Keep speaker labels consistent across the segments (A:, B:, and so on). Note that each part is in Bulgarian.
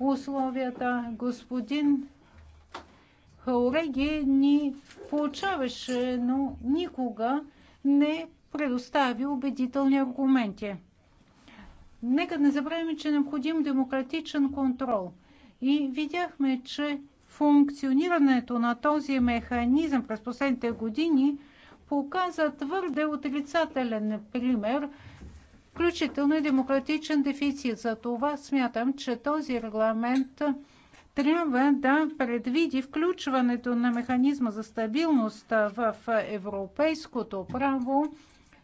A: условията. Господин Хауреги ни получаваше, но никога не предостави убедителни аргументи. Нека не забравяме, че е необходим демократичен контрол. И видяхме, че функционирането на този механизъм през последните години показа твърде отрицателен пример включително и демократичен дефицит. За това смятам, че този регламент трябва да предвиди включването на механизма за стабилност в европейското право,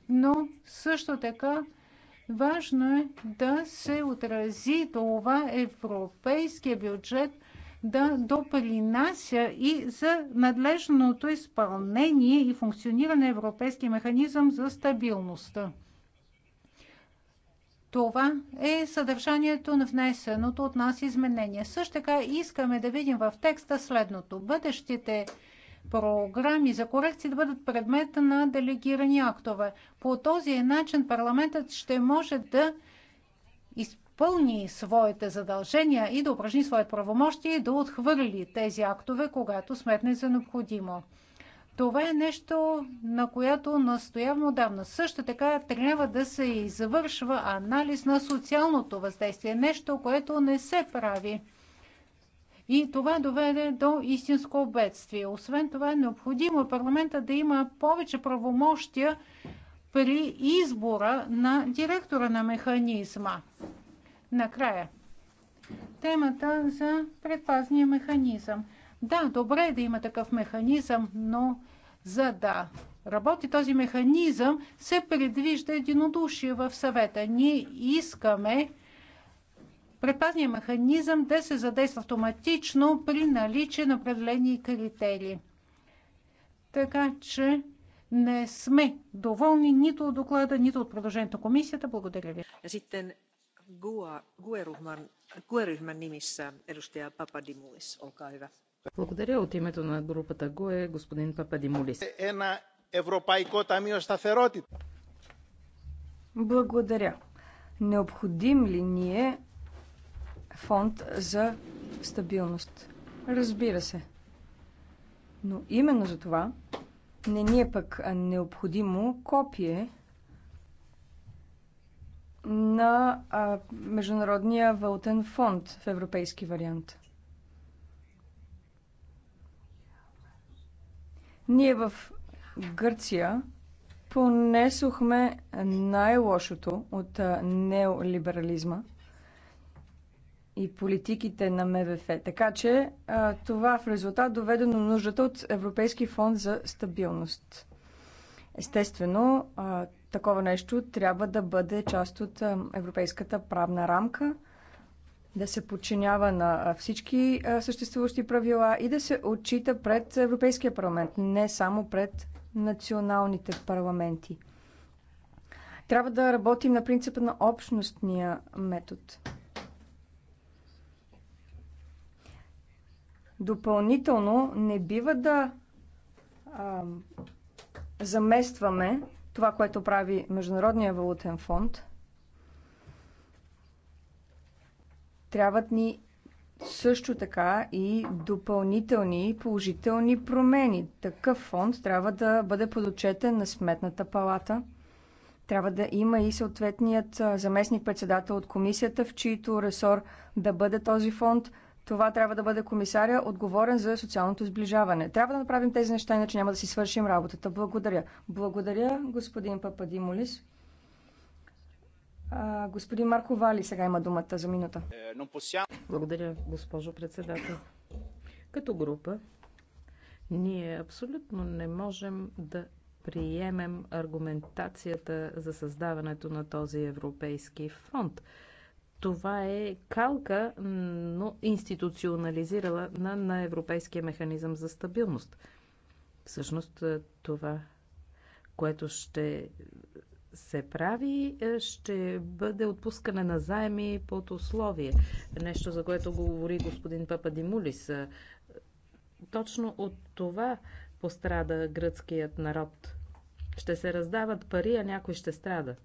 A: но също така важно е да се отрази това европейския бюджет да допринася и за надлежното изпълнение и функциониране на Европейски механизъм за стабилността. Това е съдържанието на внесеното от нас изменение. Също така искаме да видим в текста следното. Бъдещите програми за корекции да бъдат предмет на делегирани актове. По този начин парламентът ще може да изпълни своите задължения и да упражни своите правомощи и да отхвърли тези актове, когато сметне за необходимо. Това е нещо, на което настоявам отдавна. Също така трябва да се и завършва анализ на социалното въздействие, нещо, което не се прави. И това доведе до истинско бедствие. Освен това е необходимо парламента да има повече правомощия при избора на директора на механизма. Накрая. Темата за предпазния механизъм. Да, добре е да има такъв механизъм, но за да работи този механизъм, се предвижда единодушие в съвета. Ние искаме предпазния механизъм да се задейства автоматично при наличие на определени критерии. Така че не сме доволни нито от доклада, нито от продължението на комисията. Благодаря ви. Sitten
B: GUE-ryhmän nimissä edustaja Papadimulis, olkaa hyvä.
C: Благодаря от името на групата
B: ГОЕ, господин Пападимулис. Една Европейко тамио стаферотит. Благодаря. Необходим ли ни е фонд за стабилност? Разбира се. Но именно за това не ни е пък необходимо копие на а, Международния валутен фонд в европейски вариант. Ние в Гърция понесохме най-лошото от неолиберализма и политиките на МВФ. Така че това в резултат доведе до нуждата от Европейски фонд за стабилност. Естествено, такова нещо трябва да бъде част от европейската правна рамка – да се подчинява на всички съществуващи правила и да се отчита пред Европейския парламент, не само пред националните парламенти. Трябва да работим на принципа на общностния метод. Допълнително не бива да а, заместваме това, което прави Международния валутен фонд – Трябват ни също така и допълнителни положителни промени. Такъв фонд трябва да бъде подочетен на Сметната палата. Трябва да има и съответният заместник-председател от комисията, в чийто ресор да бъде този фонд. Това трябва да бъде комисаря, отговорен за социалното сближаване. Трябва да направим тези неща, иначе няма да си свършим работата. Благодаря. Благодаря, господин Пападимолис господин Марко Вали сега има думата за минута. Е, Благодаря, госпожо председател. Като група,
C: ние абсолютно не можем да приемем аргументацията за създаването на този Европейски фонд. Това е калка, но институционализирала на, на Европейския механизъм за стабилност. Всъщност е, това, което ще се прави, е, ще бъде отпускане на заеми под условие. Нещо, за което говори господин Пападимулис. Е, точно от това пострада гръцкият народ. Ще се раздават пари, а някой ще страда.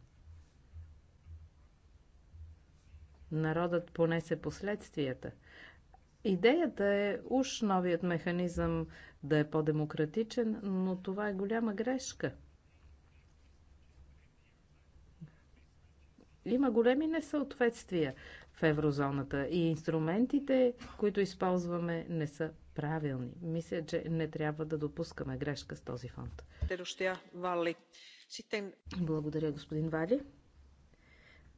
C: Народът понесе последствията. Идеята е уж новият механизъм да е по-демократичен, но това е голяма грешка – Има големи несъответствия в еврозоната и инструментите, които използваме, не са правилни. Мисля, че не трябва да допускаме грешка с този фонд. Благодаря, господин Вали.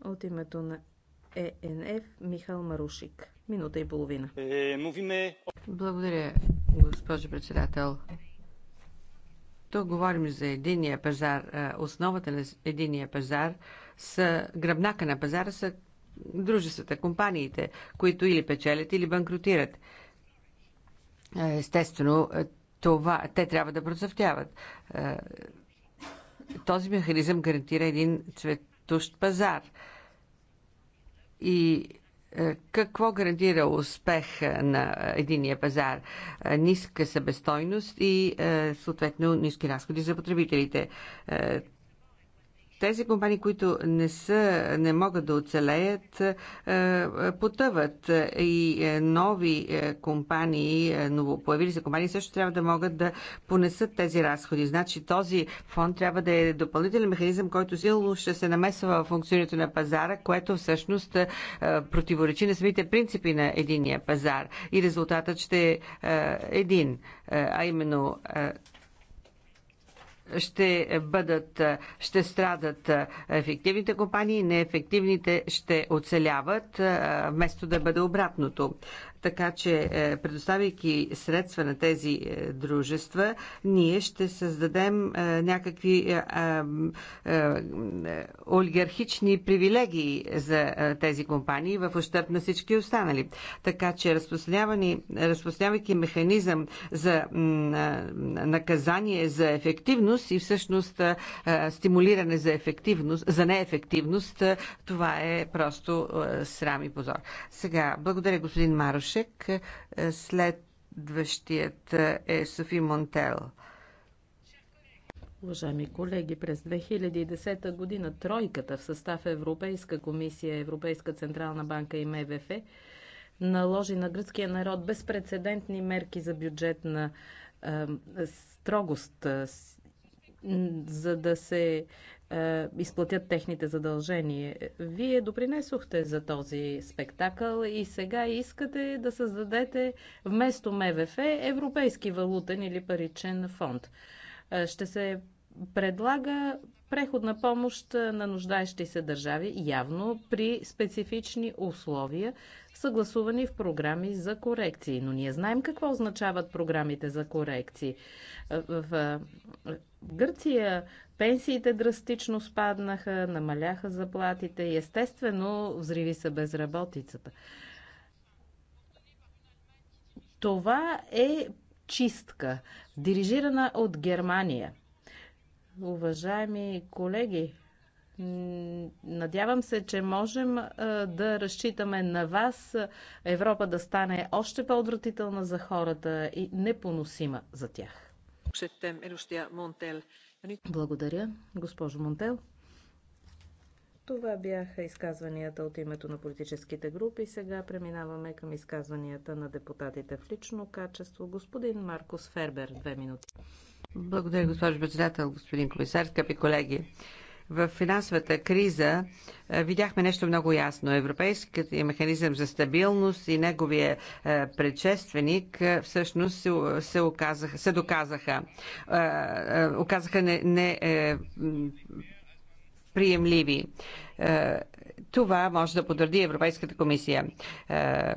C: От името на ЕНФ Михал Марушик. Минута и половина. Е,
D: Благодаря, госпожо председател. Тук говорим за единия пазар. Основата на единия пазар са гръбнака на пазара са дружествата, компаниите, които или печелят, или банкротират. Естествено, това, те трябва да процъфтяват. Този механизъм гарантира един цветущ пазар. И е, какво градира успех на единия пазар? Е, ниска събестойност и е, съответно ниски разходи за потребителите. Тези компании, които не, са, не могат да оцелеят, е, е, потъват и е, нови компании, новопоявили се компании също трябва да могат да понесат тези разходи. Значи този фонд трябва да е допълнителен механизъм, който силно ще се намесва в функционирането на пазара, което всъщност противоречи на самите принципи на единия пазар. И резултатът ще е един, а именно ще бъдат, ще страдат ефективните компании, неефективните ще оцеляват, вместо да бъде обратното. Така че, е, предоставяйки средства на тези е, дружества, ние ще създадем е, някакви олигархични привилегии за тези компании в ущърп на всички останали. Така че, разпространявайки механизъм за наказание за ефективност и всъщност стимулиране за ефективност, за неефективност, това е просто срам и позор. Сега, благодаря господин Марош. Рошек. Е, следващият е Софи Монтел. Уважаеми колеги, през 2010 година
C: тройката в състав Европейска комисия, Европейска централна банка и МВФ наложи на гръцкия народ безпредседентни мерки за бюджетна е, е, строгост, за да се е, изплатят техните задължения. Вие допринесохте за този спектакъл и сега искате да създадете вместо МВФ Европейски валутен или паричен фонд. Е, ще се предлага преходна помощ на нуждаещи се държави, явно при специфични условия, съгласувани в програми за корекции. Но ние знаем какво означават програмите за корекции. В Гърция пенсиите драстично спаднаха, намаляха заплатите и естествено взриви се безработицата. Това е чистка, дирижирана от Германия – Уважаеми колеги, надявам се, че можем да разчитаме на вас Европа да стане още по-отвратителна за хората и непоносима за тях. Благодаря, госпожо Монтел. Това бяха изказванията от името на политическите групи. Сега преминаваме към изказванията на депутатите в лично качество. Господин Маркус Фербер, две
D: минути. Благодаря, госпожо председател, господин комисар, скъпи колеги. В финансовата криза видяхме нещо много ясно. Европейският механизъм за стабилност и неговия предшественик всъщност се, се, оказах, се доказаха. Оказаха не, не е, приемливи. Е, това може да потвърди Европейската комисия. Е,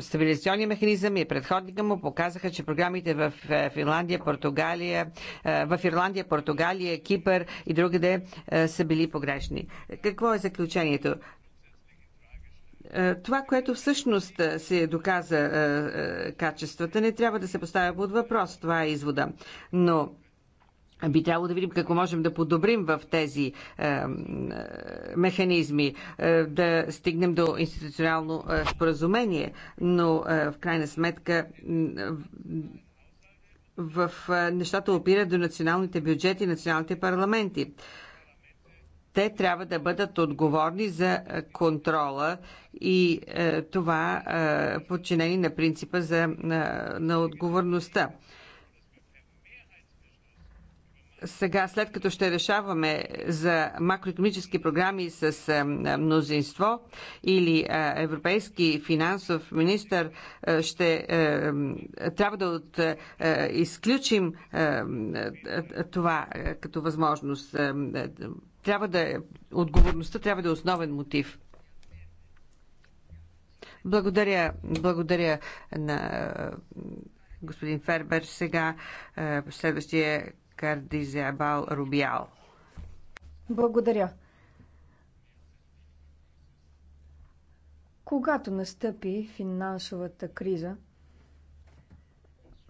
D: Стабилизационни механизъм и предходника му показаха, че програмите в е, Финландия, Португалия, в Ирландия, Португалия, Кипър и другаде са били погрешни. Какво е заключението? Това, което всъщност се доказа качествата, не трябва да се поставя под въпрос. Това е извода. Но би трябвало да видим какво можем да подобрим в тези е, механизми, е, да стигнем до институционално е, споразумение, но е, в крайна сметка. Е, в е, нещата опират до националните бюджети, и националните парламенти. Те трябва да бъдат отговорни за контрола и е, това е, подчинени на принципа за, на, на отговорността сега, след като ще решаваме за макроекономически програми с мнозинство или е, европейски финансов министр, е, ще е, трябва да от, изключим това като възможност. Трябва да, отговорността трябва да е основен мотив. Благодаря, благодаря на господин Фербер. Сега следващия Кардизабал Рубял. Благодаря.
B: Когато настъпи финансовата криза,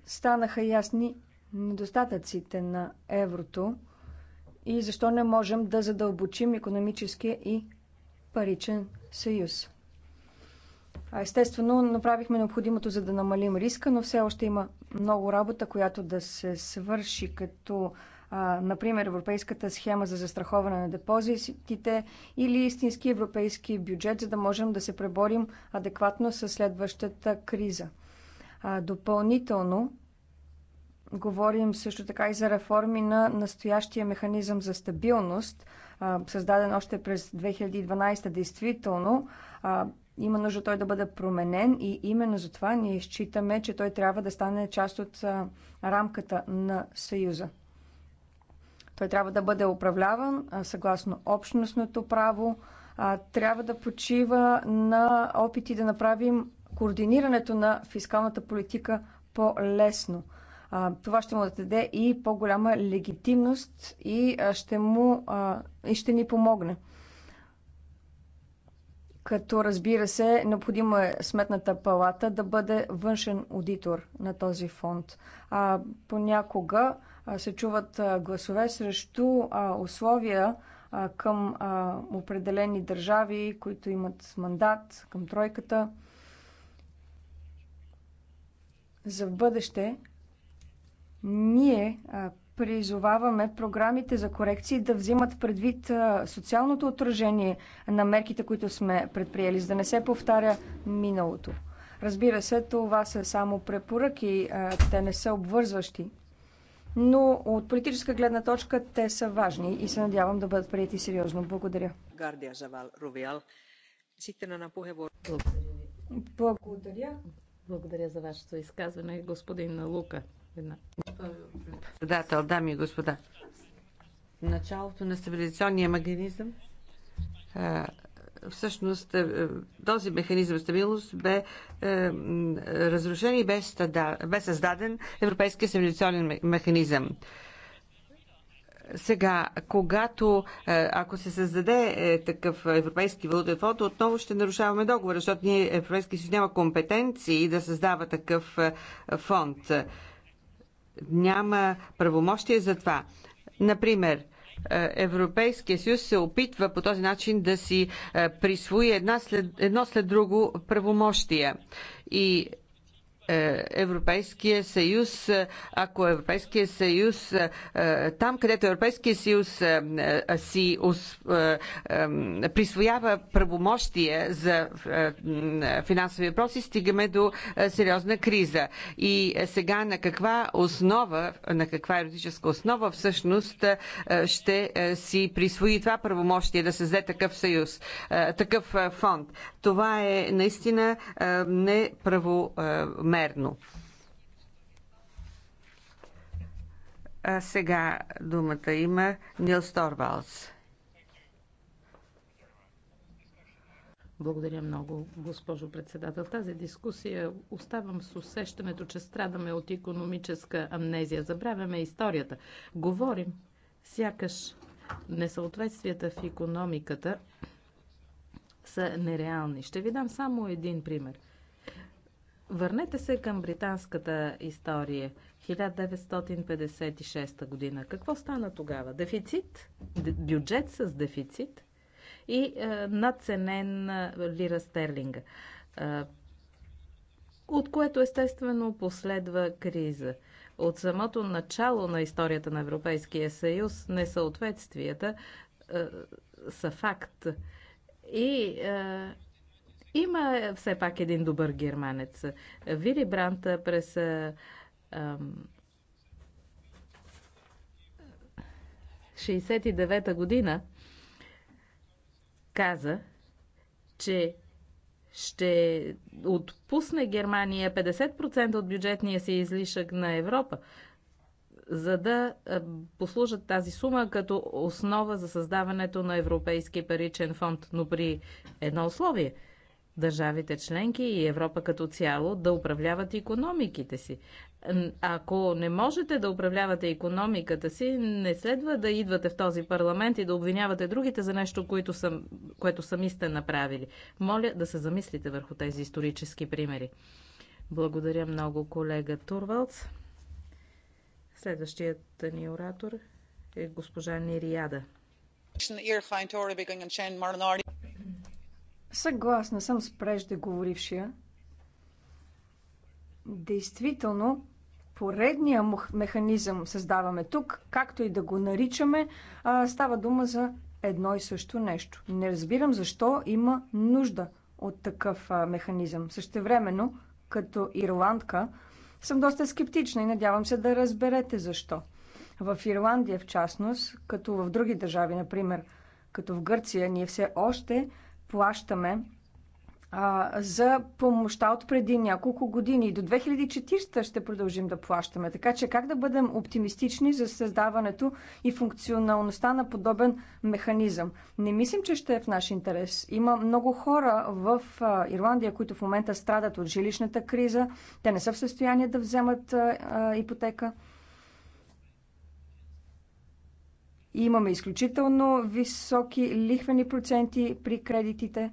B: станаха ясни недостатъците на еврото и защо не можем да задълбочим економическия и паричен съюз. Естествено, направихме необходимото за да намалим риска, но все още има много работа, която да се свърши, като например Европейската схема за застраховане на депозитите или истински европейски бюджет, за да можем да се преборим адекватно с следващата криза. Допълнително говорим също така и за реформи на настоящия механизъм за стабилност, създаден още през 2012 действително има нужда той да бъде променен и именно затова ние считаме, че той трябва да стане част от рамката на Съюза. Той трябва да бъде управляван съгласно общностното право, трябва да почива на опити да направим координирането на фискалната политика по-лесно. Това ще му даде и по-голяма легитимност и ще, му, и ще ни помогне като разбира се, необходимо е сметната палата да бъде външен аудитор на този фонд. А, понякога а, се чуват а, гласове срещу а, условия а, към а, определени държави, които имат мандат към тройката. За в бъдеще ние а, призоваваме програмите за корекции да взимат предвид социалното отражение на мерките, които сме предприели, за да не се повтаря миналото. Разбира се, това са само препоръки, те не са обвързващи, но от политическа гледна точка те са важни и се надявам да бъдат прияти сериозно. Благодаря.
D: Благодаря. Благодаря за вашето изказване, господин Лука. Една. Председател, дами и господа, началото на стабилизационния механизъм всъщност е, този механизъм стабилност бе е, разрушен и бе, стада, бе създаден Европейския стабилизационен механизъм. Сега, когато, е, ако се създаде е, такъв Европейски валутен фонд, отново ще нарушаваме договора, защото ние Европейски съюз няма компетенции да създава такъв е, фонд няма правомощие за това. Например, е, Европейския съюз се опитва по този начин да си е, присвои една след, едно след друго правомощия. И е, Европейския съюз, е, ако Европейския съюз, е, там където Европейския съюз си присвоява правомощие за финансови въпроси, стигаме до сериозна криза. И сега на каква основа, на каква юридическа основа всъщност ще си присвои това правомощие да създаде такъв съюз, такъв фонд. Това е наистина неправомощие безразмерно. А сега думата има Нил Сторвалс. Благодаря много, госпожо председател. В тази
C: дискусия оставам с усещането, че страдаме от економическа амнезия. Забравяме историята. Говорим сякаш несъответствията в економиката са нереални. Ще ви дам само един пример. Върнете се към британската история. 1956 година. Какво стана тогава? Дефицит, бюджет с дефицит и е, надценен е, лира стерлинга. Е, от което естествено последва криза. От самото начало на историята на Европейския съюз несъответствията е, са факт. И е, има е, все пак един добър германец. Вили Брант е, през е, ам, 69-та година каза, че ще отпусне Германия 50% от бюджетния си излишък на Европа, за да послужат тази сума като основа за създаването на Европейски паричен фонд, но при едно условие – държавите членки и Европа като цяло да управляват економиките си. Ако не можете да управлявате економиката си, не следва да идвате в този парламент и да обвинявате другите за нещо, което, съм, което сами сте направили. Моля да се замислите върху тези исторически примери. Благодаря много, колега Турвалц.
B: Следващият ни оратор е госпожа Нириада. Съгласна съм с преждеговорившия. Действително, поредния механизъм създаваме тук, както и да го наричаме, става дума за едно и също нещо. Не разбирам защо има нужда от такъв механизъм. Същевременно, като ирландка, съм доста скептична и надявам се да разберете защо. В Ирландия, в частност, като в други държави, например, като в Гърция, ние все още плащаме а, за помощта от преди няколко години. До 2400 ще продължим да плащаме. Така че как да бъдем оптимистични за създаването и функционалността на подобен механизъм? Не мислим, че ще е в наш интерес. Има много хора в а, Ирландия, които в момента страдат от жилищната криза. Те не са в състояние да вземат а, а, ипотека. И имаме изключително високи лихвени проценти при кредитите.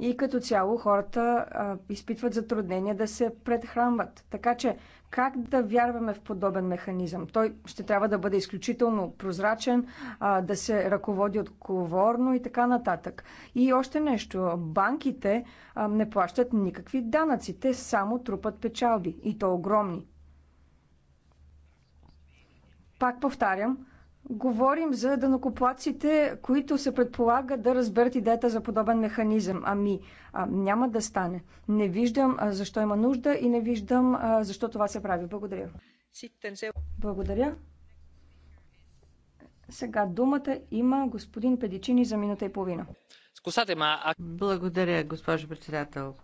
B: И като цяло хората а, изпитват затруднения да се предхранват. Така че как да вярваме в подобен механизъм? Той ще трябва да бъде изключително прозрачен, а, да се ръководи отговорно и така нататък. И още нещо. Банките а, не плащат никакви данъци. Те само трупат печалби. И то огромни. Пак повтарям, говорим за данокоплаците, които се предполага да разберат идеята за подобен механизъм. Ами, а, няма да стане. Не виждам а, защо има нужда и не виждам а, защо това се прави. Благодаря. Благодаря. Сега думата има господин Педичини за минута и половина.
D: Благодаря, госпожо председател.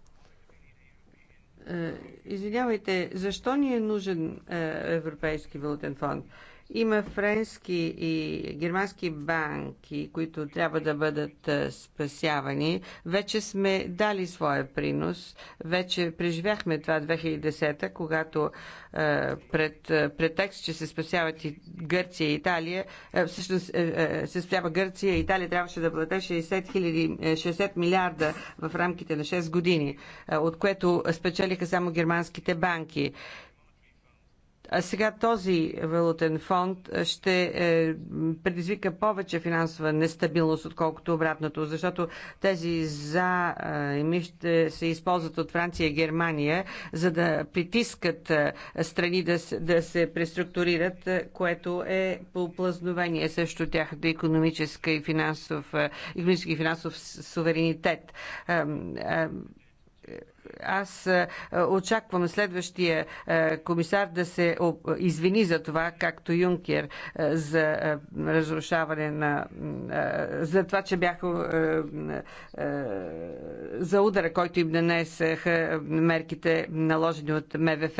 D: Е, извинявайте, защо ни е нужен е, Европейски валутен фонд? Има френски и германски банки, които трябва да бъдат спасявани. Вече сме дали своя принос. Вече преживяхме това 2010-та, когато пред претекст, че се спасяват и Гърция и Италия, всъщност се спасява Гърция и Италия трябваше да плате 60, 000, 60 милиарда в рамките на 6 години, от което спечелиха само германските банки. А сега този валутен фонд ще е, предизвика повече финансова нестабилност, отколкото обратното, защото тези ми ще се използват от Франция и Германия, за да притискат страни да, да се преструктурират, което е плазновение също тяхната економическа и финансов, економически и финансов суверенитет аз е, очаквам следващия е, комисар да се извини за това, както Юнкер, е, за разрушаване на... за това, че бяха... за удара, който им нанесаха мерките наложени от МВФ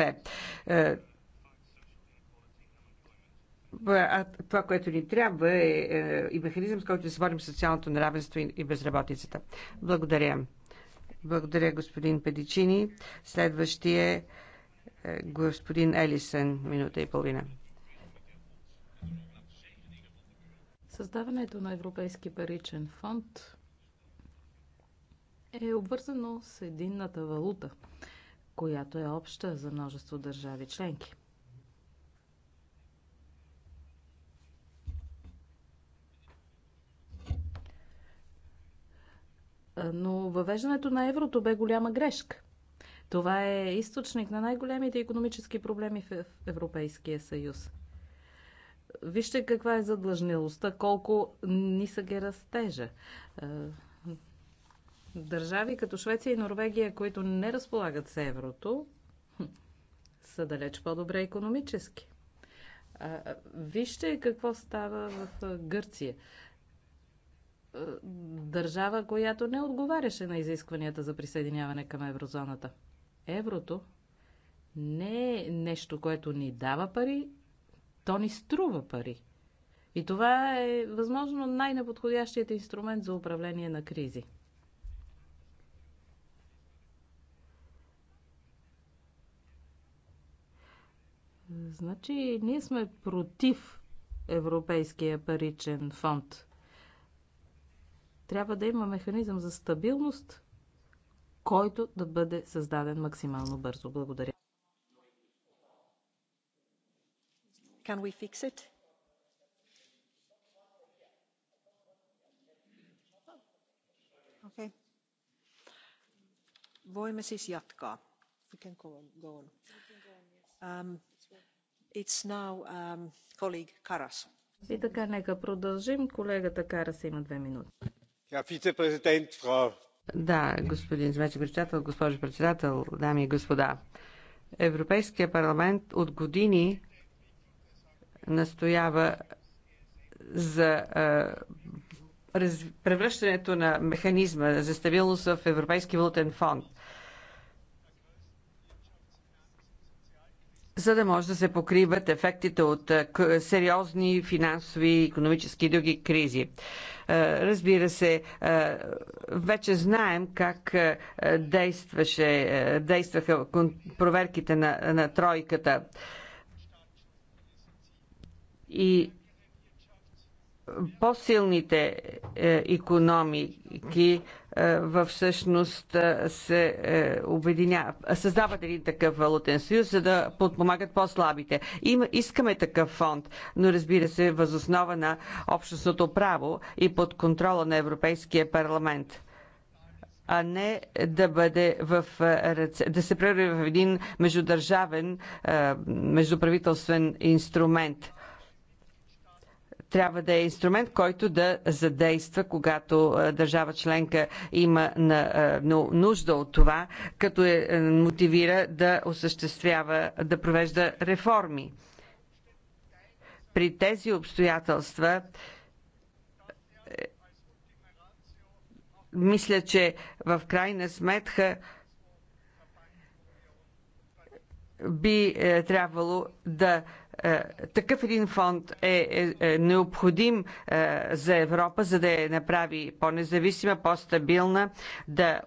D: а това, което ни трябва е, и механизъм, с който да се борим с социалното неравенство и, и безработицата. Благодаря. Благодаря, господин Педичини. Следващия е господин Елисън, минута и половина.
C: Създаването на Европейски паричен фонд е обвързано с единната валута, която е обща за множество държави членки. но въвеждането на еврото бе голяма грешка. Това е източник на най-големите економически проблеми в Европейския съюз. Вижте каква е задлъжнилостта, колко нисък е растежа. Държави като Швеция и Норвегия, които не разполагат с еврото, са далеч по-добре економически. Вижте какво става в Гърция. Е, държава, която не отговаряше на изискванията за присъединяване към еврозоната. Еврото не е нещо, което ни дава пари, то ни струва пари. И това е възможно най-неподходящият инструмент за управление на кризи. Значи, ние сме против Европейския паричен фонд – трябва да има механизъм за стабилност, който да бъде създаден максимално бързо. Благодаря.
B: Can we fix it? Okay. Voimme siis jatkaa. We can go on. Go on. Um, it's now um, colleague Karas.
C: И така, нека продължим. Колегата
D: Карас има две минути господин заместник председател, госпожо председател, дами и господа. Европейския парламент от години настоява за превръщането на механизма за стабилност в Европейски валутен фонд. за да може да се покриват ефектите от е, сериозни финансови, економически и други кризи. Е, разбира се, е, вече знаем как действаше, действаха проверките на, на тройката. И по-силните економики във е, всъщност е, се е, обединяват, създават един такъв валутен съюз, за да подпомагат по-слабите. искаме такъв фонд, но разбира се, възоснова на общностното право и под контрола на Европейския парламент а не да бъде в ръце, да се превърне в един междудържавен, междуправителствен инструмент трябва да е инструмент, който да задейства, когато е, държава членка има е, нужда от това, като е, е мотивира да осъществява, да провежда реформи. При тези обстоятелства мисля, че в крайна сметка би трябвало да е, такъв един фонд е, е, е необходим за Европа, за да я направи по-независима, по-стабилна, да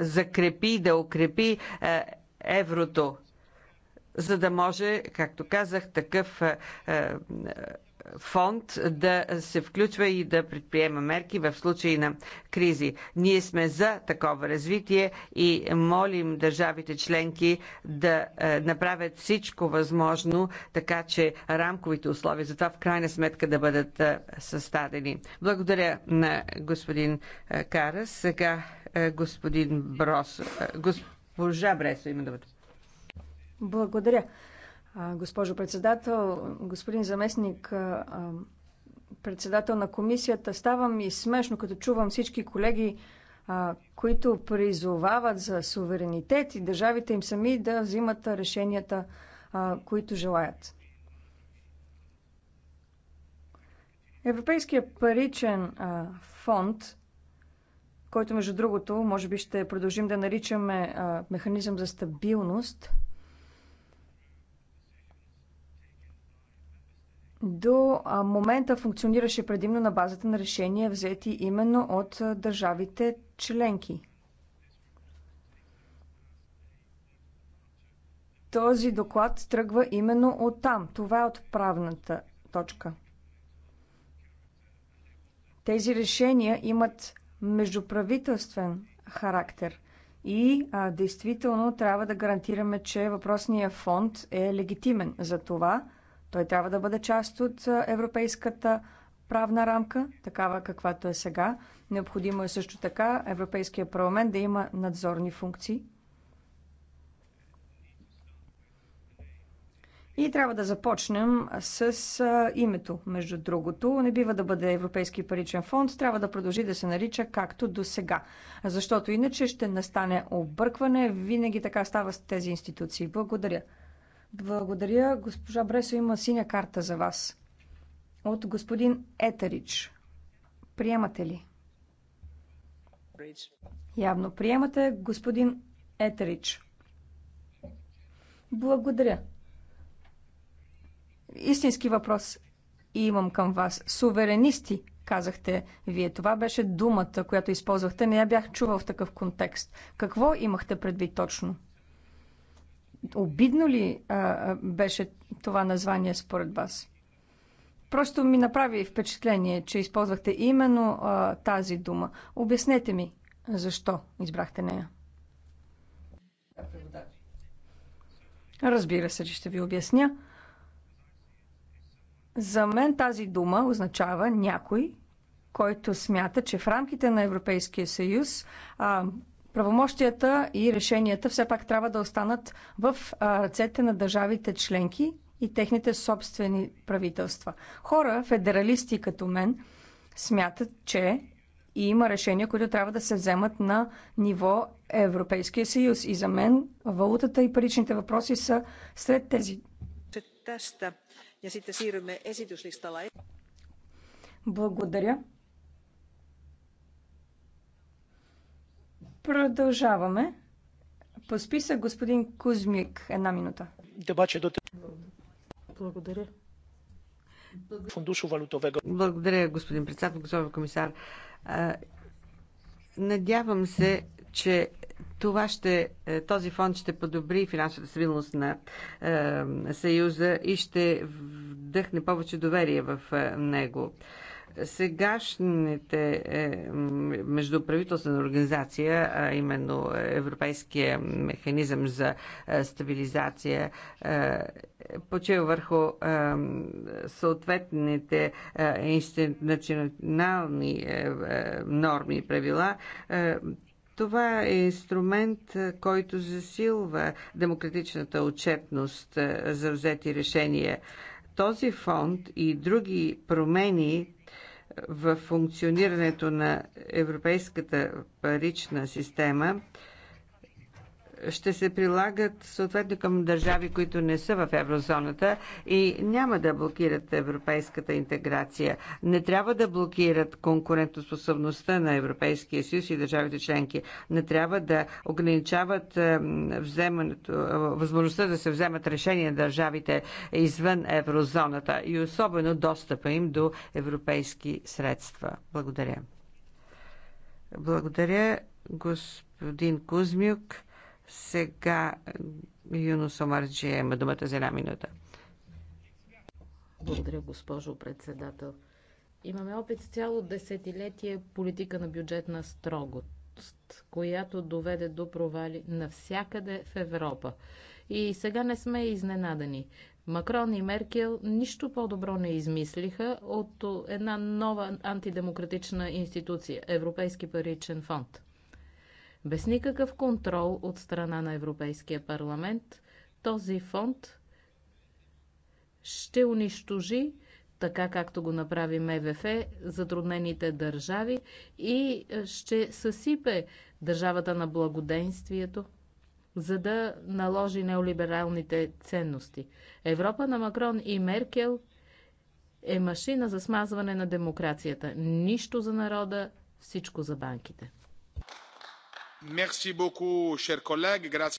D: закрепи, да укрепи еврото, за да може, както казах, такъв фонд да се включва и да предприема мерки в случай на кризи. Ние сме за такова развитие и молим държавите членки да е, направят всичко възможно, така че рамковите условия за това в крайна сметка да бъдат е, създадени. Благодаря на господин е, Карас. Сега господин Брос. Госпожа Бресо има думата.
B: Благодаря госпожо председател, господин заместник председател на комисията. Става ми смешно, като чувам всички колеги, които призовават за суверенитет и държавите им сами да взимат решенията, които желаят. Европейския паричен фонд, който между другото, може би ще продължим да наричаме механизъм за стабилност – до момента функционираше предимно на базата на решения, взети именно от държавите членки. Този доклад тръгва именно от там. Това е отправната точка. Тези решения имат междуправителствен характер и а, действително трябва да гарантираме, че въпросният фонд е легитимен. За това той трябва да бъде част от европейската правна рамка, такава каквато е сега. Необходимо е също така Европейския парламент да има надзорни функции. И трябва да започнем с а, името, между другото. Не бива да бъде Европейски паричен фонд, трябва да продължи да се нарича както до сега. Защото иначе ще настане объркване. Винаги така става с тези институции. Благодаря. Благодаря. Госпожа Бресо има синя карта за вас. От господин Етерич. Приемате ли? Явно приемате, господин Етерич. Благодаря. Истински въпрос имам към вас. Суверенисти, казахте вие. Това беше думата, която използвахте. Не я бях чувал в такъв контекст. Какво имахте предвид точно? Обидно ли а, беше това название според вас? Просто ми направи впечатление, че използвахте именно а, тази дума. Обяснете ми, защо избрахте нея. Разбира се, че ще ви обясня. За мен тази дума означава някой, който смята, че в рамките на Европейския съюз а, правомощията и решенията все пак трябва да останат в ръцете на държавите членки и техните собствени правителства. Хора, федералисти като мен, смятат, че и има решения, които трябва да се вземат на ниво Европейския съюз. И за мен валутата и паричните въпроси са сред тези. Благодаря. Продължаваме. По списък господин Кузмик, една минута. Дебаче до Благодаря. Благодаря. Благодаря, господин председател, господин комисар.
D: Надявам се, че това ще, е, този фонд ще подобри финансовата стабилност на е, Съюза и ще вдъхне повече доверие в е, него сегашните е, междуправителствена организация, а именно Европейския механизъм за е, стабилизация, е, почива върху съответните институционални норми и правила, това е инструмент, който засилва демократичната отчетност за взети решения. Този фонд и други промени в функционирането на европейската парична система ще се прилагат съответно към държави, които не са в еврозоната и няма да блокират европейската интеграция. Не трябва да блокират конкурентоспособността на Европейския съюз и държавите членки. Не трябва да ограничават е, вземането, е, възможността да се вземат решения на държавите извън еврозоната и особено достъпа им до европейски средства. Благодаря. Благодаря, господин Кузмюк. Сега Юнус Омарджи има думата за една минута.
C: Благодаря, госпожо председател. Имаме опит с цяло десетилетие политика на бюджетна строгост, която доведе до провали навсякъде в Европа. И сега не сме изненадани. Макрон и Меркел нищо по-добро не измислиха от една нова антидемократична институция Европейски паричен фонд. Без никакъв контрол от страна на Европейския парламент, този фонд ще унищожи така както го направи МВФ, затруднените държави и е, ще съсипе държавата на благоденствието, за да наложи неолибералните ценности. Европа на Макрон и Меркел е машина за смазване на демокрацията. Нищо за народа, всичко за банките.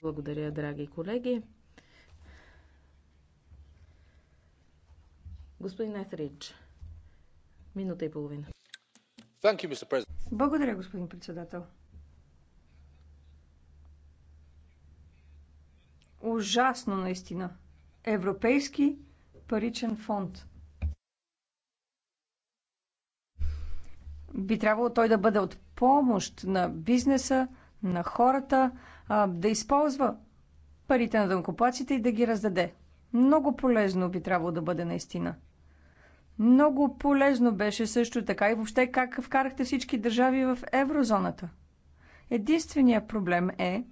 C: Благодаря, драги колеги. Господин Етрич, минута и половина.
A: You,
B: Благодаря, господин председател. Ужасно, наистина. Европейски паричен фонд. Би трябвало той да бъде от помощ на бизнеса, на хората, а, да използва парите на дънкопаците и да ги раздаде. Много полезно би трябвало да бъде наистина. Много полезно беше също така и въобще как вкарахте всички държави в еврозоната. Единственият проблем е,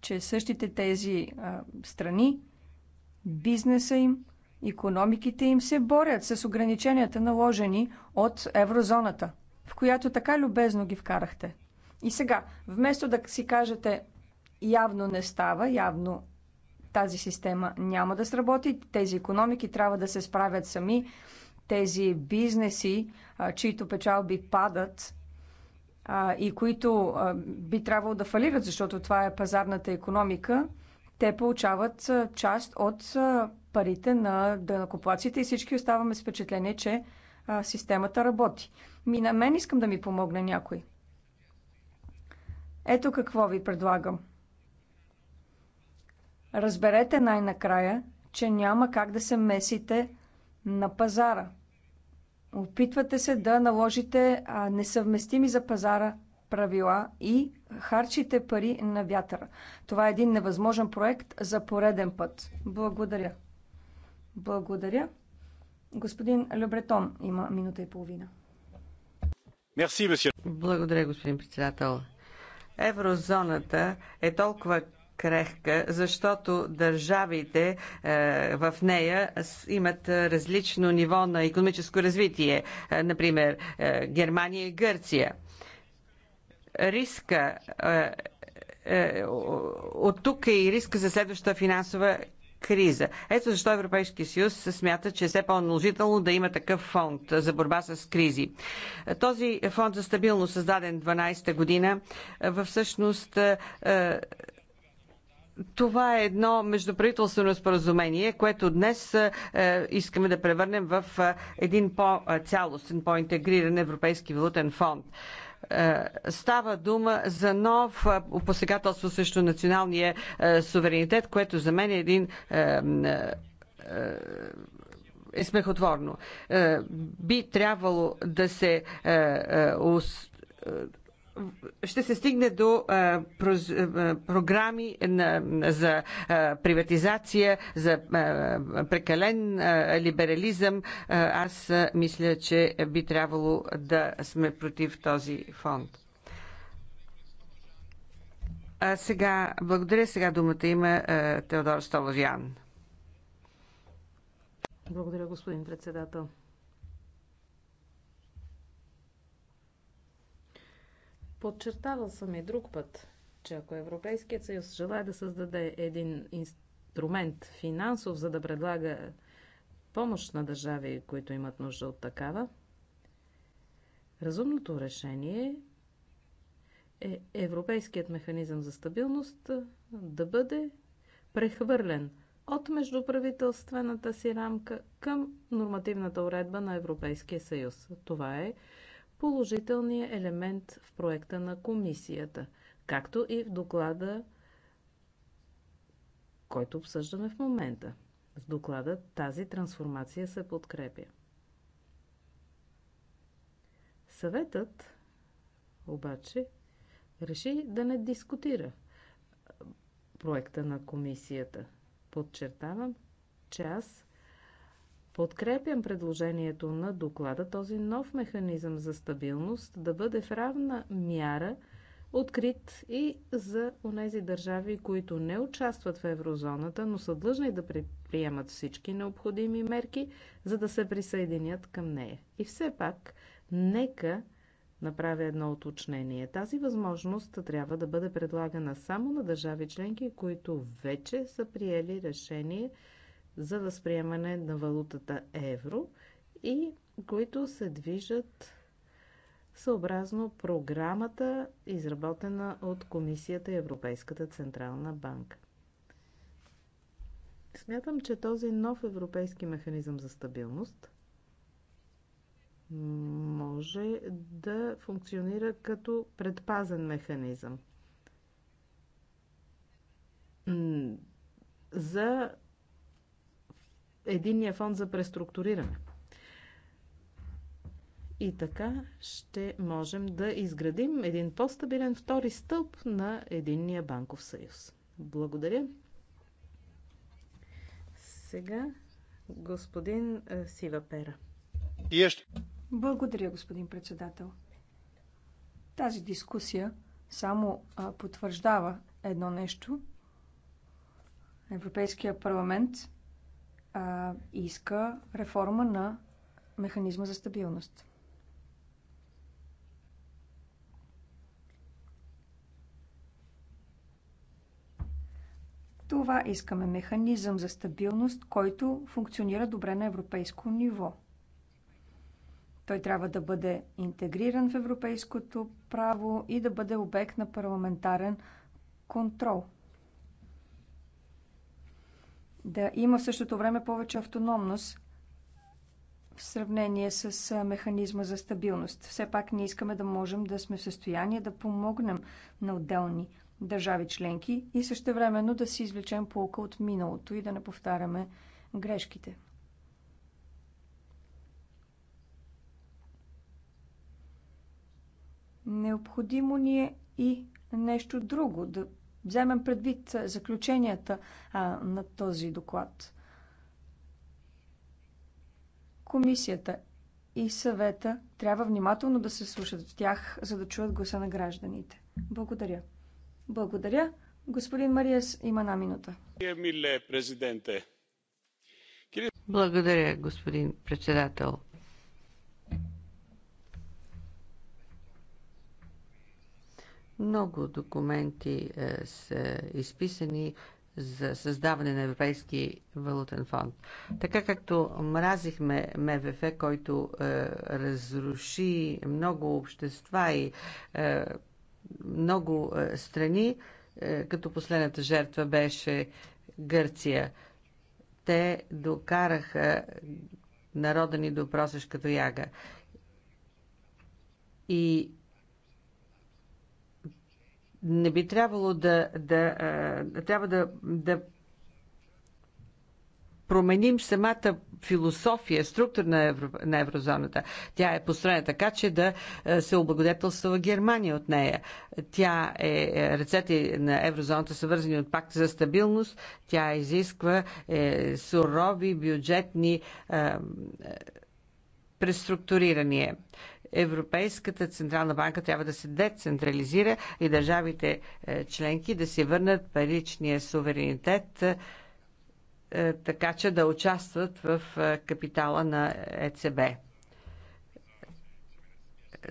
B: че същите тези а, страни, бизнеса им, економиките им се борят с ограниченията наложени от еврозоната, в която така любезно ги вкарахте – и сега, вместо да си кажете явно не става, явно тази система няма да сработи, тези економики трябва да се справят сами, тези бизнеси, чието печалби падат и които би трябвало да фалират, защото това е пазарната економика, те получават част от парите на дънакоплаците и всички оставаме с впечатление, че системата работи. Ми на мен искам да ми помогне някой. Ето какво ви предлагам. Разберете най-накрая, че няма как да се месите на пазара. Опитвате се да наложите несъвместими за пазара правила и харчите пари на вятъра. Това е един невъзможен проект за пореден път. Благодаря. Благодаря. Господин Лебретон има минута и половина.
D: Благодаря, господин председател. Еврозоната е толкова крехка, защото държавите е, в нея имат различно ниво на економическо развитие, е, например е, Германия и Гърция. Риска е, е, от тук е и риска за следващата финансова криза. Ето защо Европейския съюз се смята, че е все по-наложително да има такъв фонд за борба с кризи. Този фонд за стабилност, създаден 12-та година, всъщност е, е, това е едно междуправителствено споразумение, което днес е, е искаме да превърнем в един по-цялостен, по-интегриран Европейски валутен фонд. Е, е, става дума за нов е, посегателство срещу националния е, суверенитет, което за мен е един е смехотворно. Би трябвало да се ще се стигне до а, проз, а, програми на, за а, приватизация, за а, прекален а, либерализъм. А, аз а, мисля, че би трябвало да сме против този фонд. А сега, благодаря. Сега думата има а, Теодор Столовян.
C: Благодаря, господин председател. Подчертавал съм и друг път, че ако Европейският съюз желая да създаде един инструмент финансов, за да предлага помощ на държави, които имат нужда от такава, разумното решение е Европейският механизъм за стабилност да бъде прехвърлен от междуправителствената си рамка към нормативната уредба на Европейския съюз. Това е положителния елемент в проекта на комисията, както и в доклада, който обсъждаме в момента. В доклада тази трансформация се подкрепя. Съветът обаче реши да не дискутира проекта на комисията. Подчертавам, че аз Подкрепям предложението на доклада този нов механизъм за стабилност да бъде в равна мяра открит и за онези държави, които не участват в еврозоната, но са длъжни да предприемат всички необходими мерки, за да се присъединят към нея. И все пак, нека направя едно уточнение. Тази възможност трябва да бъде предлагана само на държави членки, които вече са приели решение за възприемане на валутата евро и които се движат съобразно програмата, изработена от Комисията и Европейската Централна банка. Смятам, че този нов европейски механизъм за стабилност може да функционира като предпазен механизъм за единния фонд за преструктуриране. И така ще можем да изградим един по-стабилен втори стълб на единния банков съюз. Благодаря. Сега
B: господин е, Сива Пера. Благодаря, господин председател. Тази дискусия само потвърждава едно нещо. Европейския парламент а, иска реформа на механизма за стабилност. Това искаме механизъм за стабилност, който функционира добре на европейско ниво. Той трябва да бъде интегриран в европейското право и да бъде обект на парламентарен контрол – да има в същото време повече автономност в сравнение с механизма за стабилност. Все пак ние искаме да можем да сме в състояние да помогнем на отделни държави членки и също времено да си извлечем полка от миналото и да не повтаряме грешките. Необходимо ни е и нещо друго, да вземем предвид заключенията на този доклад. Комисията и съвета трябва внимателно да се слушат в тях, за да чуят гласа на гражданите. Благодаря. Благодаря. Господин Мариес има една минута.
D: Благодаря, господин председател. Много документи е, са изписани за създаване на Европейски валутен фонд. Така както мразихме МВФ, който е, разруши много общества и е, много е, страни, е, като последната жертва беше Гърция. Те докараха народа ни до просешката яга. И не би трябвало да, да, да трябва да, да променим самата философия, структура на, евро, на еврозоната. Тя е построена така, че да се облагодетелства Германия от нея. Тя е, е ръцете на еврозоната са вързани от пакта за стабилност. Тя изисква е, сурови бюджетни е, преструктурирания. Европейската централна банка трябва да се децентрализира и държавите е, членки да си върнат паричния суверенитет, е, е, така че да участват в капитала на ЕЦБ.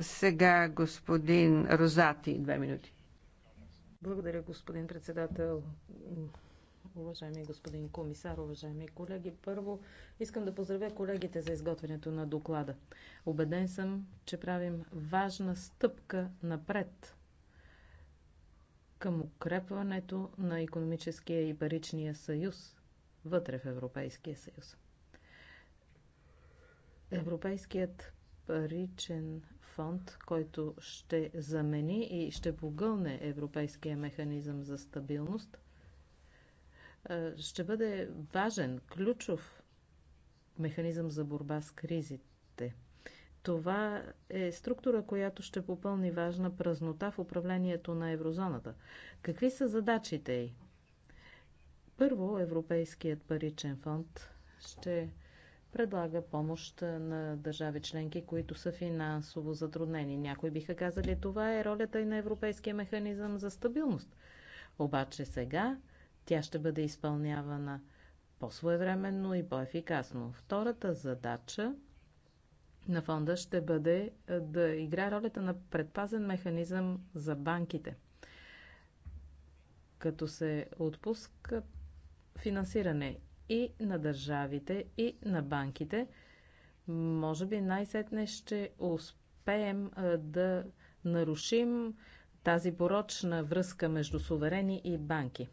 D: Сега господин Розати, две минути.
C: Благодаря, господин председател. Уважаеми господин комисар, уважаеми колеги, първо искам да поздравя колегите за изготвянето на доклада. Обеден съм, че правим важна стъпка напред към укрепването на економическия и паричния съюз вътре в Европейския съюз. Европейският паричен фонд, който ще замени и ще погълне Европейския механизъм за стабилност – е, ще бъде важен, ключов механизъм за борба с кризите. Това е структура, която ще попълни важна празнота в управлението на еврозоната. Какви са задачите й? Първо, Европейският паричен фонд ще предлага помощ на държави членки, които са финансово затруднени. Някои биха казали, това е ролята и на Европейския механизъм за стабилност. Обаче сега тя ще бъде изпълнявана по-своевременно и по-ефикасно. Втората задача на фонда ще бъде е, да играе ролята на предпазен механизъм за банките. Като се отпуска финансиране и на държавите, и на банките, може би най-сетне ще успеем е, да нарушим тази порочна връзка между суверени и банки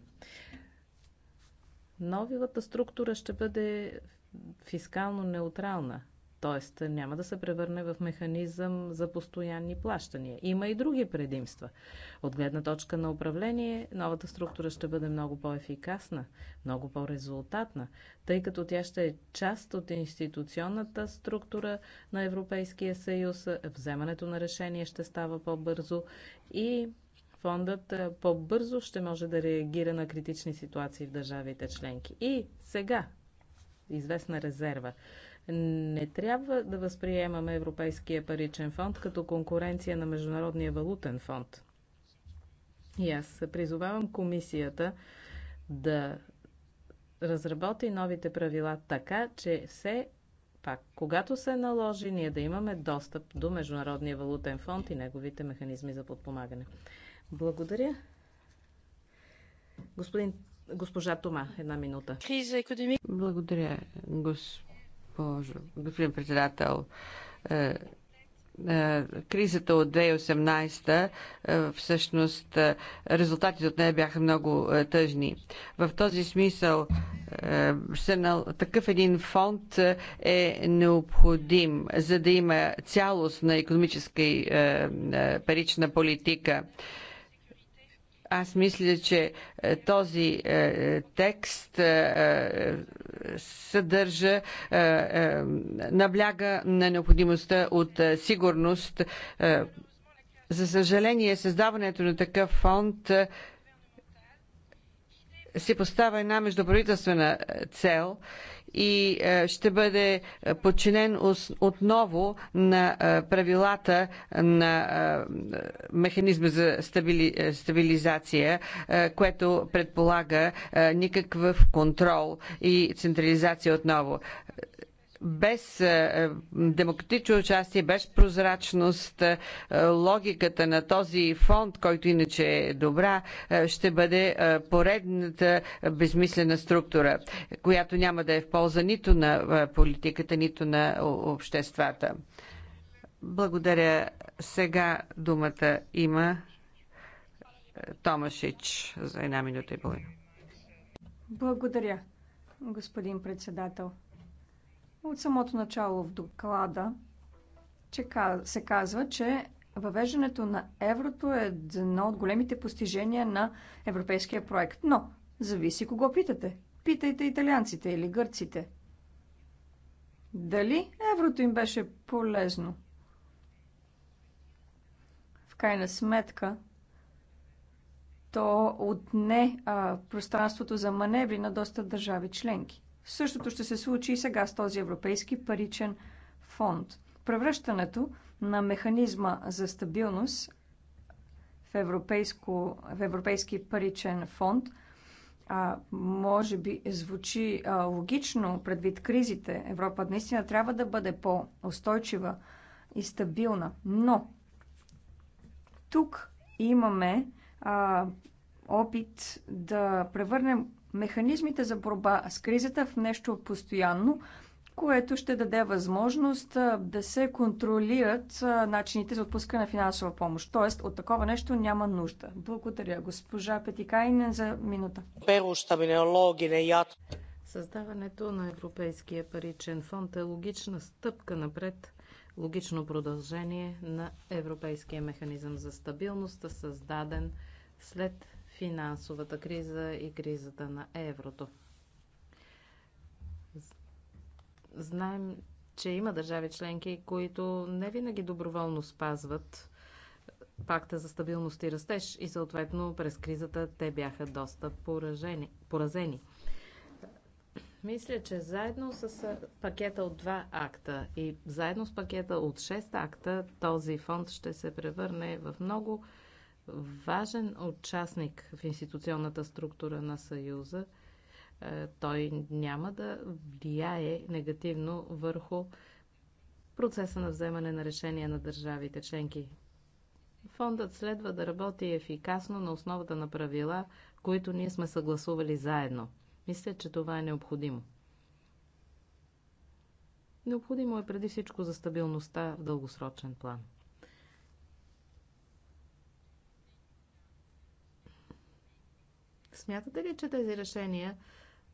C: новата структура ще бъде фискално неутрална, т.е. няма да се превърне в механизъм за постоянни плащания. Има и други предимства. От гледна точка на управление, новата структура ще бъде много по-ефикасна, много по-резултатна, тъй като тя ще е част от институционната структура на Европейския съюз, вземането на решение ще става по-бързо и фондът е, по-бързо ще може да реагира на критични ситуации в държавите членки. И сега, известна резерва, не трябва да възприемаме Европейския паричен фонд като конкуренция на Международния валутен фонд. И аз призовавам комисията да разработи новите правила така, че все пак, когато се наложи, ние да имаме достъп до Международния валутен фонд и неговите механизми за подпомагане. Благодаря.
D: Господин, госпожа Тома, една минута. Криза економика. Благодаря, госпожо, господин председател е, е, кризата от 2018 е, всъщност резултатите от нея бяха много тъжни. В този смисъл такъв един фонд е необходим, за да има цялост на економическа и парична политика. Аз мисля, че е, този е, текст е, съдържа, набляга на необходимостта от сигурност. За съжаление, създаването на такъв фонд се поставя една междуправителствена цел и е, ще бъде е, подчинен отново на е, правилата на механизма за стабилизация, което предполага никакъв контрол и централизация отново без е, е, демократично участие, без прозрачност, е, логиката на този фонд, който иначе е добра, ще бъде поредната безмислена структура, която няма да е в полза нито на политиката, нито на обществата. Благодаря. Сега думата има Томашич за една минута и половина.
B: Благодаря, господин председател. От самото начало в доклада че се казва, че въвеждането на еврото е едно от големите постижения на европейския проект. Но зависи кого питате. Питайте италианците или гърците. Дали еврото им беше полезно? В крайна сметка, то отне а, пространството за маневри на доста държави членки. Същото ще се случи и сега с този Европейски паричен фонд. Превръщането на механизма за стабилност в, европейско, в Европейски паричен фонд а, може би звучи а, логично предвид кризите. Европа наистина трябва да бъде по-устойчива и стабилна. Но тук имаме а, опит да превърнем механизмите за борба с кризата в нещо постоянно, което ще даде възможност да се контролират начините за отпускане на финансова помощ. Тоест, от такова нещо няма нужда. Благодаря, госпожа Петикайнен, за минута. Създаването на Европейския паричен
C: фонд е логична стъпка напред, логично продължение на Европейския механизъм за стабилност, създаден след финансовата криза и кризата на еврото. Знаем, че има държави членки, които не винаги доброволно спазват пакта за стабилност и растеж и съответно през кризата те бяха доста поражени, поразени. Мисля, че заедно с пакета от два акта и заедно с пакета от шест акта този фонд ще се превърне в много важен участник в институционната структура на Съюза. Е, той няма да влияе негативно върху процеса на вземане на решения на държавите членки. Фондът следва да работи ефикасно на основата на правила, които ние сме съгласували заедно. Мисля, че това е необходимо. Необходимо е преди всичко за стабилността в дългосрочен план. Смятате ли, че тези решения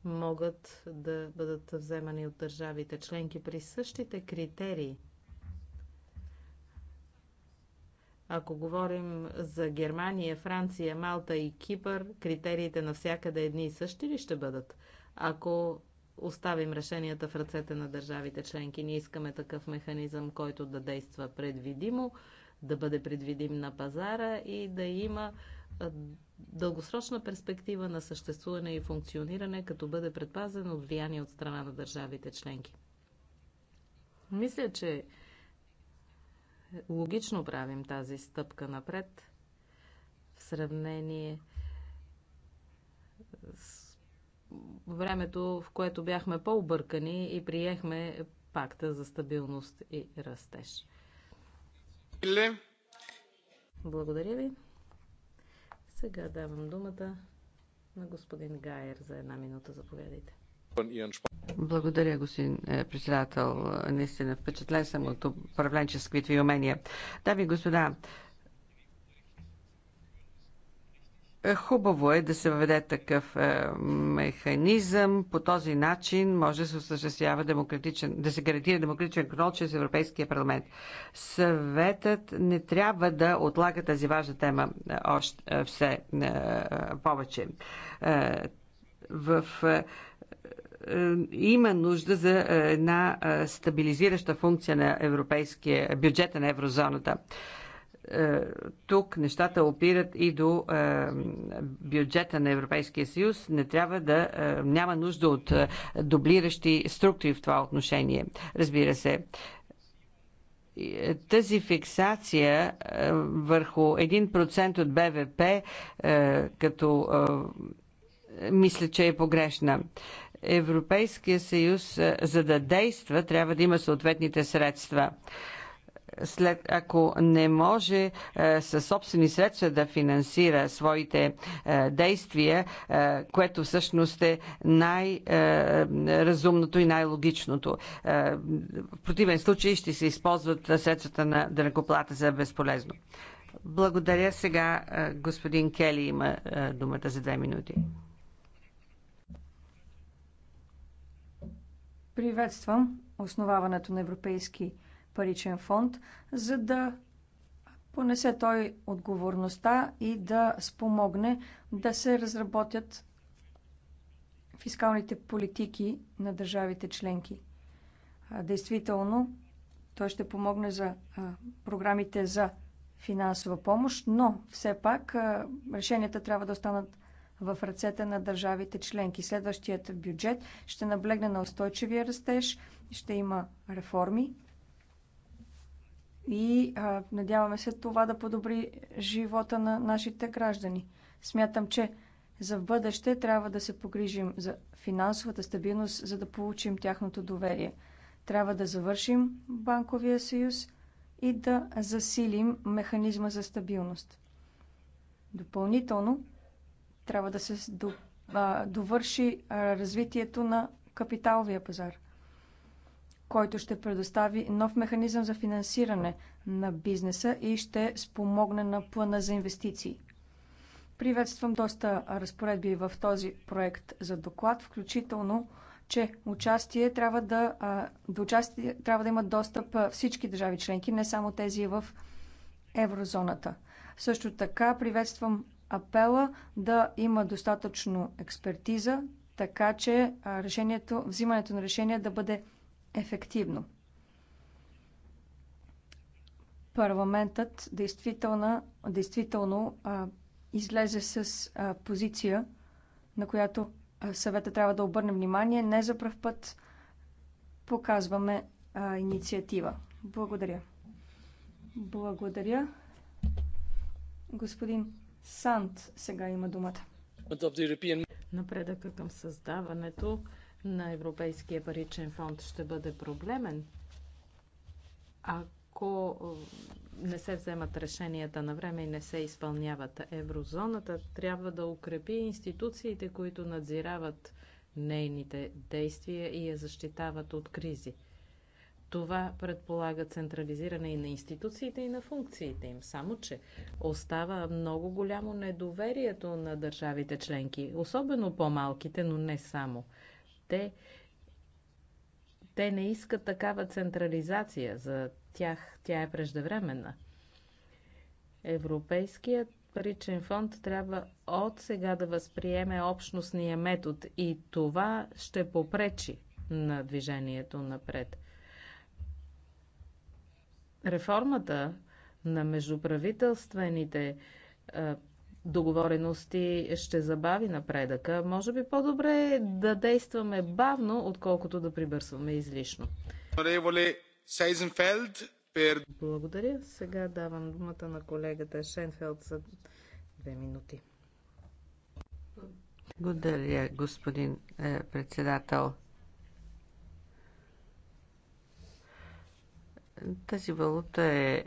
C: могат да бъдат вземани от държавите членки при същите критерии? Ако говорим за Германия, Франция, Малта и Кипър, критериите навсякъде едни и същи ли ще бъдат? Ако оставим решенията в ръцете на държавите членки, ние искаме такъв механизъм, който да действа предвидимо, да бъде предвидим на пазара и да има дългосрочна перспектива на съществуване и функциониране, като бъде предпазен от влияние от страна на държавите членки. Мисля, че логично правим тази стъпка напред в сравнение с времето, в което бяхме по-объркани и приехме пакта за стабилност и растеж. Благодаря ви. Сега давам думата на господин Гайер за една минута. Заповядайте.
D: Благодаря, господин е, председател. Наистина впечатлен съм от управленческите ви умения. Дами и господа, Хубаво е да се въведе такъв е, механизъм. По този начин може да се осъществява демократичен, да се гарантира демократичен контрол чрез Европейския парламент. Съветът не трябва да отлага тази важна тема е, още е, все повече. В има нужда за една стабилизираща функция на европейския бюджета на еврозоната. Е, тук нещата опират и до е, бюджета на Европейския съюз. Не трябва да е, няма нужда от дублиращи структури в това отношение. Разбира се, тази фиксация върху 1% от БВП като мисля, че е погрешна. Европейския съюз, за да действа, трябва да има съответните средства след, ако не може е, със собствени средства да финансира своите е, действия, е, което всъщност е най-разумното е, и най-логичното. Е, в противен случай ще се използват средствата на дъргоплата за безполезно. Благодаря. Сега е, господин Кели има е, думата за две минути.
B: Приветствам основаването на Европейски паричен фонд, за да понесе той отговорността и да спомогне да се разработят фискалните политики на държавите членки. Действително, той ще помогне за програмите за финансова помощ, но все пак решенията трябва да останат в ръцете на държавите членки. Следващият бюджет ще наблегне на устойчивия растеж, ще има реформи и а, надяваме се това да подобри живота на нашите граждани. Смятам, че за в бъдеще трябва да се погрижим за финансовата стабилност, за да получим тяхното доверие. Трябва да завършим банковия съюз и да засилим механизма за стабилност. Допълнително трябва да се довърши развитието на капиталовия пазар – който ще предостави нов механизъм за финансиране на бизнеса и ще спомогне на плана за инвестиции. Приветствам доста разпоредби в този проект за доклад, включително че участие трябва да, до участие трябва да имат достъп всички държави членки, не само тези в еврозоната. Също така приветствам апела да има достатъчно експертиза, така че решението, взимането на решение да бъде ефективно. Парламентът действително, действително а, излезе с а, позиция, на която а, съвета трябва да обърне внимание. Не за пръв път показваме а, инициатива. Благодаря. Благодаря. Господин Сант сега има думата.
C: Напредъка към създаването на Европейския паричен фонд ще бъде проблемен, ако е, не се вземат решенията на време и не се изпълняват. Еврозоната трябва да укрепи институциите, които надзирават нейните действия и я защитават от кризи. Това предполага централизиране и на институциите, и на функциите им. Само, че остава много голямо недоверието на държавите членки, особено по-малките, но не само те, те не искат такава централизация. За тях тя е преждевременна. Европейският паричен фонд трябва от сега да възприеме общностния метод и това ще попречи на движението напред. Реформата на междуправителствените договорености ще забави напредъка. Може би по-добре е да действаме бавно, отколкото да прибърсваме излишно. Благодаря. Сега давам думата на колегата Шенфелд за две минути.
D: Благодаря, господин е, председател. Тази валута е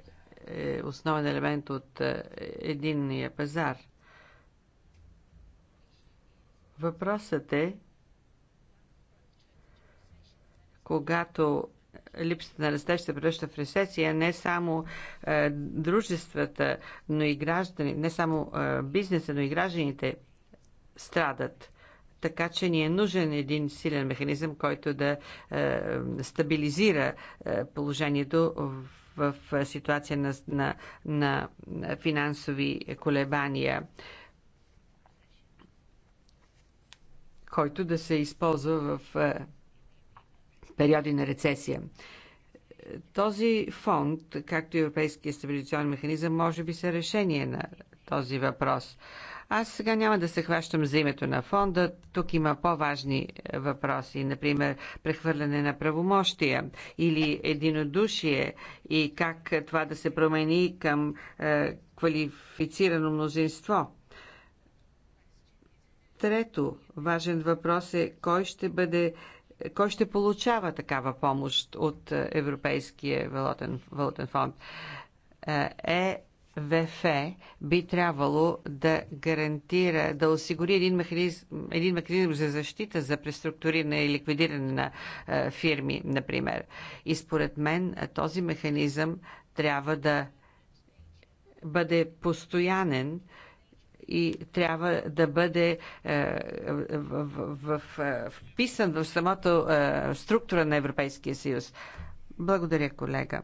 D: е основен елемент от е, единния пазар. Въпросът е, когато липсата на растеж се превръща в рецесия, не само е, дружествата, но и граждани, не само е, бизнеса, но и гражданите страдат. Така че ни е нужен един силен механизъм, който да е, стабилизира е, положението в в ситуация на, на, на финансови колебания, който да се използва в периоди на рецесия. Този фонд, както и Европейския стабилизационен механизъм, може би са решение на този въпрос. Аз сега няма да се хващам за името на фонда. Тук има по-важни е, въпроси, например прехвърляне на правомощия или единодушие и как това да се промени към е, квалифицирано мнозинство. Трето важен въпрос е кой ще бъде е, кой ще получава такава помощ от е, Европейския валутен, валутен фонд. Е, ВФ би трябвало да гарантира, да осигури един механизъм, един механизъм за защита, за преструктуриране и ликвидиране на е, фирми, например. И според мен този механизъм трябва да бъде постоянен и трябва да бъде е, в, в, в, е, вписан в самото е, структура на Европейския съюз. Благодаря, колега.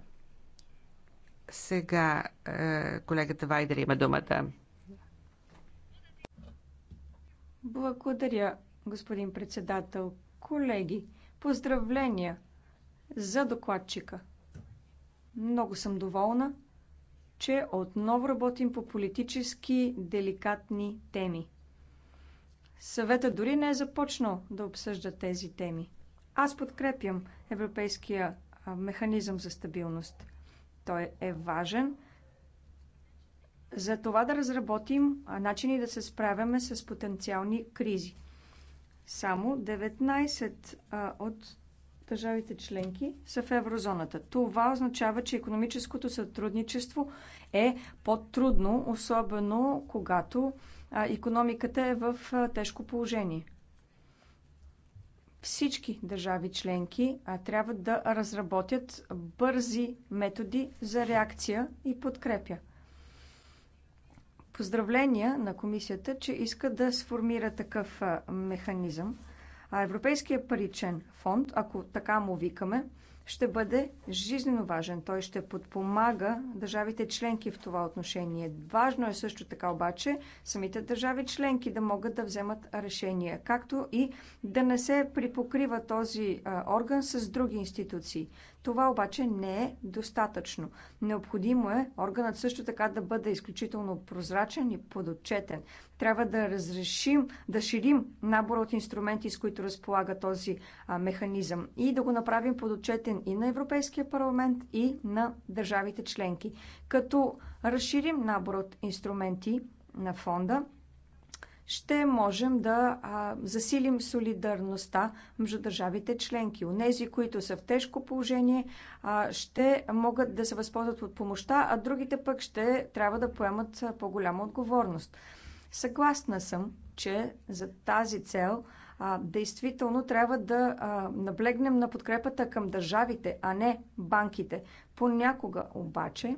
D: Сега е, колегата Вайдер има думата.
B: Благодаря, господин председател. Колеги, поздравления за докладчика. Много съм доволна, че отново работим по политически деликатни теми. Съвета дори не е започнал да обсъжда тези теми. Аз подкрепям Европейския механизъм за стабилност. Той е важен за това да разработим начини да се справяме с потенциални кризи. Само 19 от държавите членки са в еврозоната. Това означава, че економическото сътрудничество е по-трудно, особено когато економиката е в тежко положение всички държави членки трябва да разработят бързи методи за реакция и подкрепя. Поздравления на комисията, че иска да сформира такъв механизъм. А Европейския паричен фонд, ако така му викаме, ще бъде жизнено важен. Той ще подпомага държавите членки в това отношение. Важно е също така обаче самите държави членки да могат да вземат решения, както и да не се припокрива този орган с други институции. Това обаче не е достатъчно. Необходимо е органът също така да бъде изключително прозрачен и подотчетен. Трябва да разрешим, да ширим набора от инструменти, с които разполага този а, механизъм и да го направим подотчетен и на Европейския парламент, и на държавите членки. Като разширим набор от инструменти на фонда, ще можем да а, засилим солидарността между държавите членки. Онези, които са в тежко положение, а, ще могат да се възползват от помощта, а другите пък ще трябва да поемат по-голяма отговорност. Съгласна съм, че за тази цел а, действително трябва да а, наблегнем на подкрепата към държавите, а не банките. Понякога обаче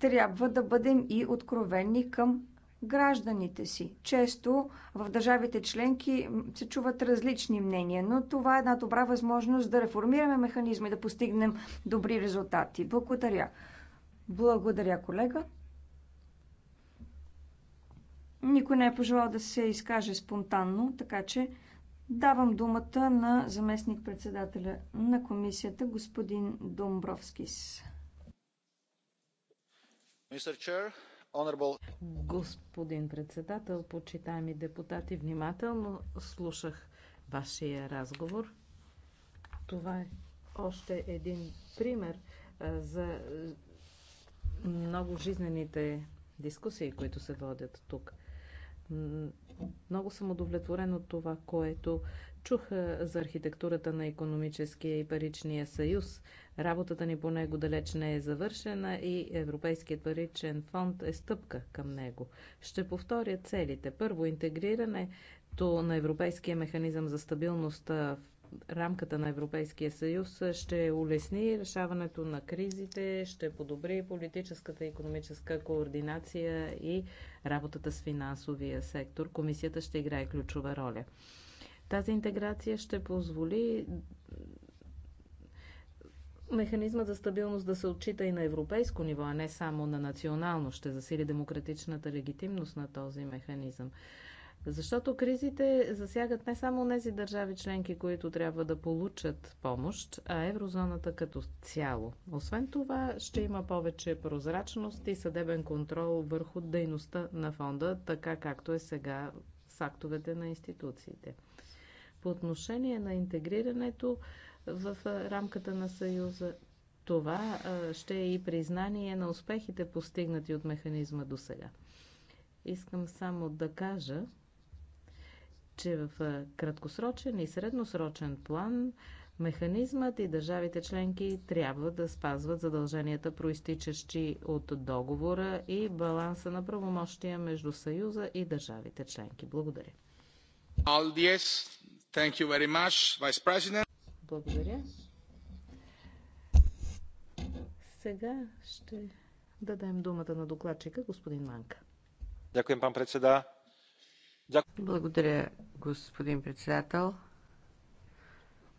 B: трябва да бъдем и откровенни към гражданите си. Често в държавите членки се чуват различни мнения, но това е една добра възможност да реформираме механизми, да постигнем добри резултати. Благодаря. Благодаря, колега. Никой не е пожелал да се изкаже спонтанно, така че давам думата на заместник-председателя на комисията, господин Домбровскис.
A: Mr.
C: Господин председател, почитаеми депутати, внимателно слушах вашия разговор. Това е още един пример за много жизнените дискусии, които се водят тук. Много съм удовлетворен от това, което Чух за архитектурата на економическия и паричния съюз. Работата ни по него далеч не е завършена и Европейският паричен фонд е стъпка към него. Ще повторя целите. Първо, интегрирането на Европейския механизъм за стабилност в рамката на Европейския съюз ще улесни решаването на кризите, ще подобри политическата и економическа координация и работата с финансовия сектор. Комисията ще играе ключова роля. Тази интеграция ще позволи механизма за стабилност да се отчита и на европейско ниво, а не само на национално. Ще засили демократичната легитимност на този механизъм. Защото кризите засягат не само тези държави членки, които трябва да получат помощ, а еврозоната като цяло. Освен това, ще има повече прозрачност и съдебен контрол върху дейността на фонда, така както е сега с актовете на институциите. По отношение на интегрирането в рамката на Съюза, това ще е и признание на успехите, постигнати от механизма до сега. Искам само да кажа, че в краткосрочен и средносрочен план механизмът и държавите членки трябва да спазват задълженията, проистичащи от договора и баланса на правомощия между Съюза и държавите членки. Благодаря. Благодаря. Сега ще дадем думата на докладчика, господин Манка.
A: Дякуем, пан председа.
D: Благодаря, господин председател.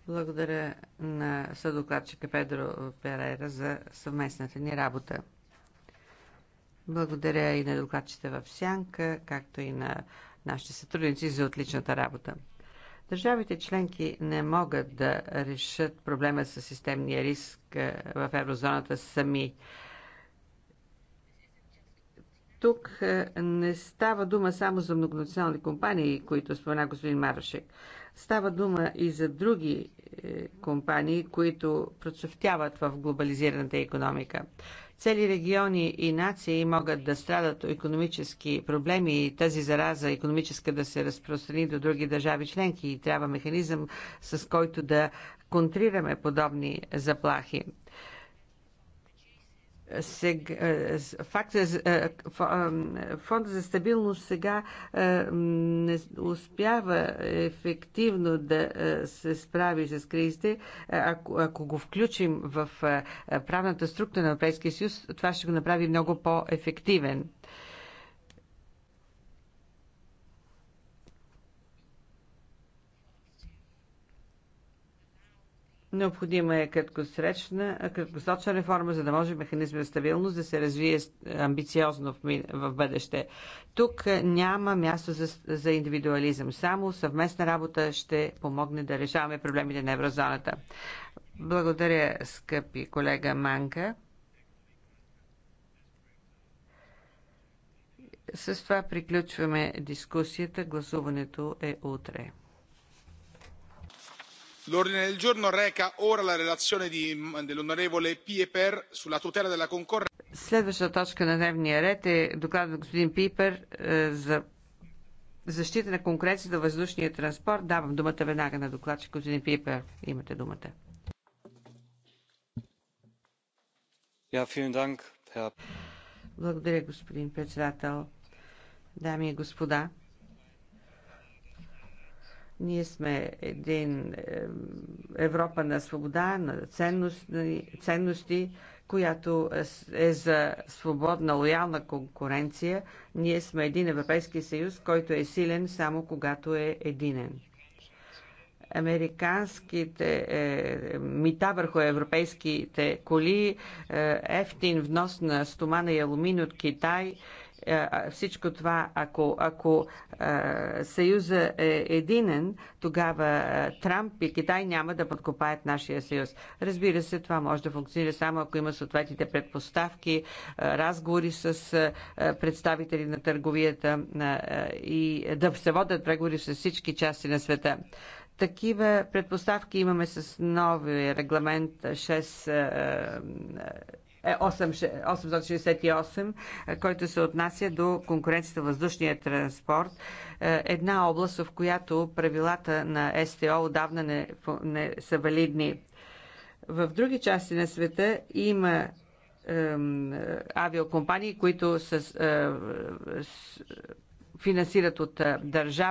D: Благодаря на съдокладчика Педро Перера за съвместната ни работа. Благодаря и на докладчите в Сянка, както и на нашите сътрудници за отличната работа. Държавите членки не могат да решат проблема с системния риск е, в еврозоната сами. Тук е, не става дума само за многонационални компании, които спомена господин Марашек. Става дума и за други е, компании, които процъфтяват в глобализираната економика. Цели региони и нации могат да страдат от економически проблеми и тази зараза економическа да се разпространи до други държави членки и трябва механизъм, с който да контрираме подобни заплахи сега, е, факта, е, е, фонда за стабилност сега не успява ефективно да се справи с кризите. Ако, ако го включим в правната структура на Европейския съюз, това ще го направи много по-ефективен. Необходима е краткосрочна, е, краткосрочна реформа, за да може механизма за стабилност да се развие е, амбициозно в, в бъдеще. Тук е, няма място за, за индивидуализъм. Само съвместна работа ще помогне да решаваме проблемите на еврозоната. Благодаря, скъпи колега Манка. С това приключваме дискусията. Гласуването е утре
C: l'ordine del giorno reca ora la relazione dell'onorevole pieper sulla tutela della
D: concorrenza. точка на дневния ред е доклад на господин Пипер е, за защита на конкуренцията във въздушния транспорт. Давам думата веднага на докладчик господин Пипер. Имате думата. Благодаря, господин председател. Дами и господа, ние сме един е, Европа на свобода, на ценности, ценности която е за свободна, лоялна конкуренция. Ние сме един Европейски съюз, който е силен само когато е единен американските е, мита върху европейските коли, е, ефтин внос на стомана и алумин от Китай, е, всичко това, ако, ако Съюза е единен, тогава Трамп и Китай няма да подкопаят нашия съюз. Разбира се, това може да функционира само ако има съответните предпоставки, разговори с представители на търговията и да се водят преговори с всички части на света. Такива предпоставки имаме с новия регламент 6 868, е, който се отнася до конкуренцията въздушния транспорт. Е, една област, в която правилата на СТО отдавна не, не са валидни. В други части на света има авиокомпании, които с, е, с, финансират от държава